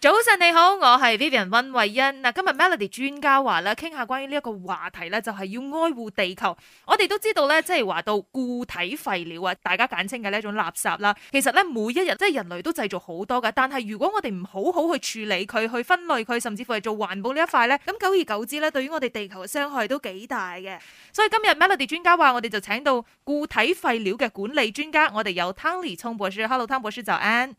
早晨你好，我係 Vivian 溫慧欣嗱，今日 Melody 專家話咧，傾下關於呢一個話題咧，就係、是、要愛護地球。我哋都知道咧，即係話到固體廢料啊，大家簡稱嘅呢一種垃圾啦。其實咧，每一日即係人類都製造好多嘅，但係如果我哋唔好好去處理佢、去分類佢，甚至乎係做環保呢一塊咧，咁久而久之咧，對於我哋地球嘅傷害都幾大嘅。所以今日 Melody 專家話，我哋就請到固體廢料嘅管理專家，我哋有湯禮聰博士，Hello，湯博士，早安。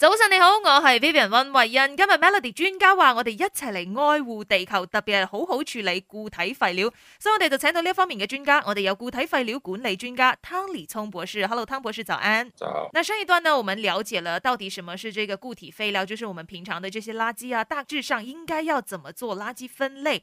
早晨你好，我係 Vivian 溫慧欣。今日 Melody 專家話，我哋一齊嚟愛護地球，特別係好好處理固體廢料。所以我哋就請到呢方面嘅專家，我哋有固體廢料管理專家湯禮聰博士。Hello，湯博士早安。早。那上一段呢，我們了解了到底什麼是這個固體廢料，就是我們平常的這些垃圾啊，大致上應該要怎麼做垃圾分類？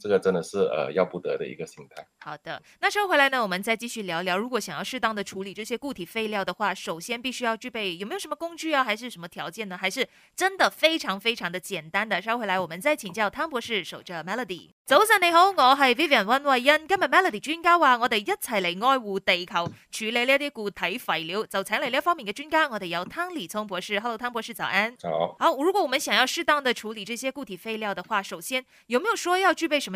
這個真的是呃要不得的一個心態。好的，那說回來呢，我們再繼續聊聊。如果想要適當的處理這些固體廢料的話，首先必須要具備有沒有什麼工具啊，還是什麼條件呢？還是真的非常非常的簡單的？收回來，我們再請教湯博士守着 Melody。早上你好，我係 Vivian 溫慧欣。今日 Melody 專家話，我哋一齊嚟愛護地球，處理呢啲固體廢料，就請嚟呢方面嘅專家。我哋有湯禮聰博士。Hello，湯博士，早安。好。好，如果我們想要適當的處理這些固體廢料的話，首先有沒有說要具備什麼？